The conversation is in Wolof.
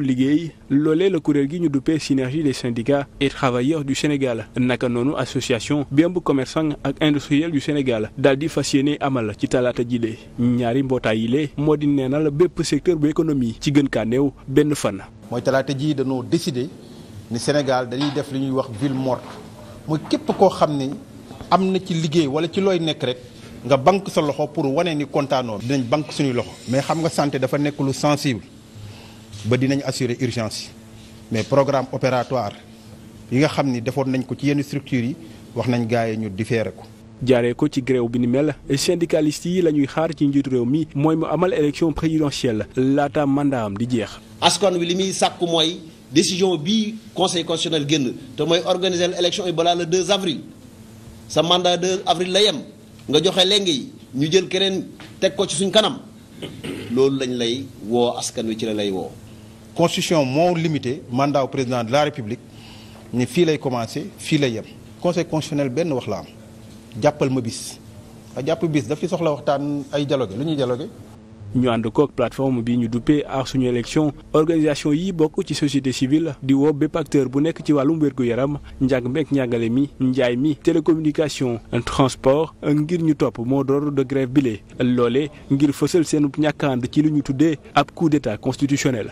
ñàkku liggéey la kuréel gi ñu duppee synergie de syndicats et travailleurs du Sénégal naka noonu association bi ëmb commerçant ak industriel du Sénégal daal di fas yéene amal ci talaata ji lee ñaari mbootaay yi lee moo di la bépp secteur bu économie ci gën kaa néew benn fan. mooy talaata ji dañoo décider ni Sénégal dañuy def li ñuy wax ville morte mooy képp koo xam ni am na ci liggéey wala ci looy nekk rek. nga banque sa loxo pour wane ni kontaanoo dinañ banque suñuy loxo mais xam nga santé dafa nekk lu ba dinañ assurer urgence mais programme opératoire yi nga xam ni defoon nañ ko ci yenn structures yi wax nañ gars yi ñu différer ko. jaaree ko ci gréew bi ni mel syndicaliste yi la ñuy xaar ci njiitu réew mi mooy mu amal élection présidentielle laata mandat am di jeex. askan wi li muy sàkku mooy décision bii conseil constitutionnel génn te mooy organiser l'élection yi balaa le 2 avril sa mandat 2 avril la yem nga joxe léegi yi ñu jël keneen teg ko ci suñ kanam loolu lañ lay woo askan wi ci la lay woo. constitution moo limité mandat président de la république ni fii lay commencé fii lay yem conseil constitutionnel benn wax la am jàppal ma bis jàpp bis daf ci soxla waxtaan ay dialogue lu ñuy dialogue ñu ànd kook plateforme bi ñu duppee aar suñu élection organisation yi bokk ci société civile di woo bépp acteur bu nekk ci wàllum wér-gu-yaram njàng meek njàngale mi njaay mi télécommunication transport ngir ñu topp moo door de grève bile loole ngir fësal seen ñàkk ànd ci li ñu tuddee ab coup d'état constitutionnel